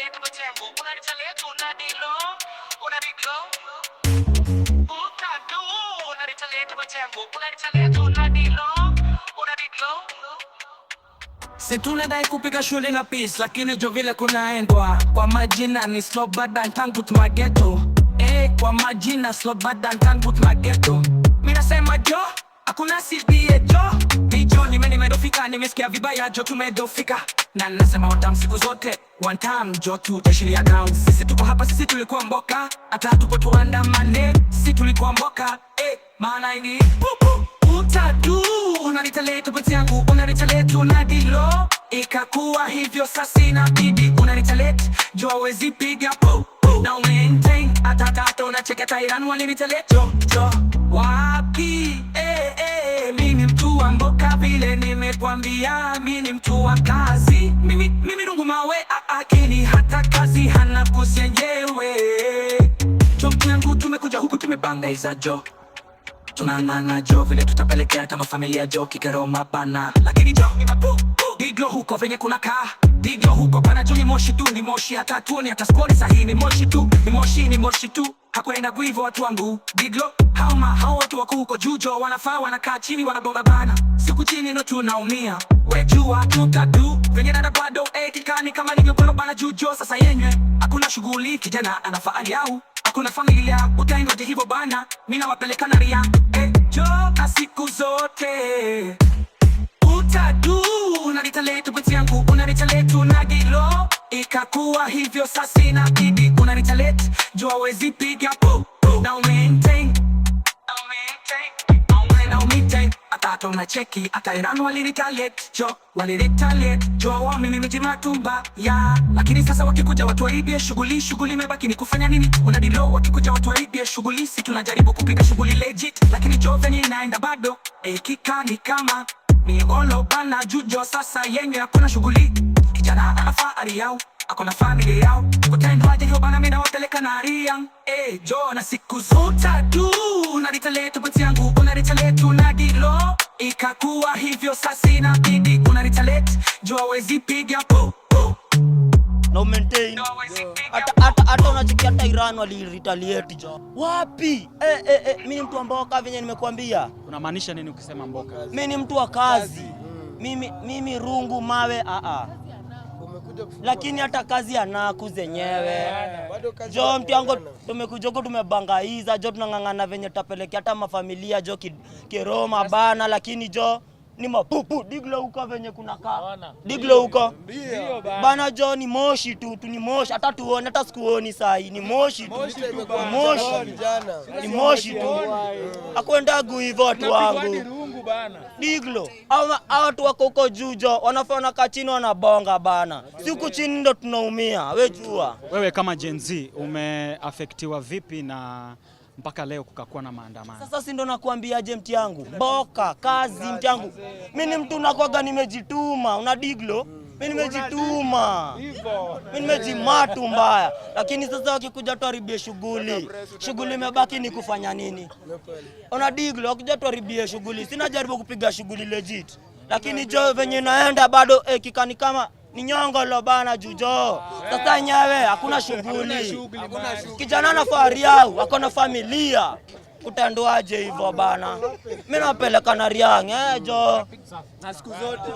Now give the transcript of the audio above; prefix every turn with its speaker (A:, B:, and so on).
A: tembo tembo, unanisalia tunadilo unabigo utadu unanisalia tembo tembo, unanisalia tunadilo unabigo Si tunadai kupiga shule na peace, lakini jo vile kunaendwa kwa majina ni slow badan tangu tumageto eh, kwa majina slow badan tangu tumageto minasema jo hakuna sibie jo ni jo nimenimedofika nimesikia vibaya jo tumedofika na nasema watam siku zote one time jo tu tashiria down. Sisi tuko hapa, sisi tulikuwa mboka, hata tupo tuandamane, sisi tulikuwa mboka eh, maana ini utadu unaleta letu pete yangu unaleta letu na dilo ikakuwa hivyo sasi na inabidi unaleta letu jua wezi piga pu na maintain hata hata unacheketa Iran walileta letu jo, jo. Nakwambia mi ni mtu wa kazi, mimi mimi Mawe akini hata kazi hana bosi yenyewe. Job yangu tumekuja huku tumebanga iza jo, tunang'ang'a jo, vile tutapelekea kama familia jo, kikero mapana, lakini jo diglo huko venye kuna kaa diglo huko pana jo, ni moshi tu, ni moshi hata tuoni hata skoni sahi, ni moshi tu, ni moshi, ni moshi tu, hakuenda guivo watu wangu diglo hauma hauma wakuu huko Jujo wanafaa wanakaa chini bana siku chini ndo tunaumia, we jua tutadu venye dada bado kikani kama bana Jujo sasa yenye hakuna shughuli, kijana anafahari au hakuna familia, utaendaje hivyo bana, mina na ria e, eh, jo na siku zote utadu unaleta letu kwiti yangu unaleta letu na gilo ikakuwa hivyo sasa inabidi unaleta letu jua wezi piga po po na umente hata unacheki hata Iran waliretaliate jo, waliretaliate jo, wao mimi mji matumba ya Lakini sasa wakikuja watu waibie shughuli, shughuli imebaki ni kufanya nini? Una dilo wakikuja watu waibie shughuli, si tunajaribu kupiga shughuli legit, lakini jo venye inaenda bado ekika eh, ni kama olo bana jujo sasa yenye hakuna shughuli, kijana ana fahari yao akona family yao kutendwaje hiyo bana, mimi nawapeleka na Ariang eh jo, na siku zote tu na ritaletu pati yangu una ritaletu na dilo Ikakuwa hivyo sasa, inabidi kuna retaliate, jua wezi piga po na maintain hata hata hata unachikia hata Iran wali retaliate jo. Wapi? Eh eh eh, mimi ni mtu wa mboka venye nimekuambia.
B: Unamaanisha nini ukisema mboka?
A: Mimi ni mtu wa kazi. Mimi mimi rungu mawe a a lakini hata kazi ya naku zenyewe eh, jo, mtu wangu, tumekuja huko tumebangaiza jo, tunang'ang'ana venye tapeleke hata mafamilia jo kiroma bana, lakini jo ni mapupu diglo huko venye kuna ka diglo huko bana jo, ni moshi tu tu, ni moshi hata tuone hata sikuoni hii ni moshi tu
C: moshi,
A: ni moshi tu, akuendagu hivyo watu wangu Diglo bana. Diglo. Hao watu wako huko jujo, wanafaa nakaa chini wanabonga bana. Siku chini ndo tunaumia, wewe jua.
B: Wewe kama Gen Z umeafektiwa vipi na mpaka leo kukakuwa na maandamano.
A: Sasa si ndo nakuambiaje, mti yangu, mboka kazi, mti yangu, mi ni mtu nakwaga nimejituma, una diglo mimi nimejituma, mimi nimejimatu mbaya, lakini sasa wakikuja tuharibie shughuli, shughuli imebaki ni kufanya nini? Ona diglo, wakija tuharibie shughuli. Sina jaribu kupiga shughuli legit, lakini jo venye naenda bado eh, kikani kama ni nyongo bana jujo. Sasa nyewe hakuna shughuli, kijana na fahari yao, akona familia Utaendoaje hivyo bana? Mimi napeleka na Riang eh, jo na siku zote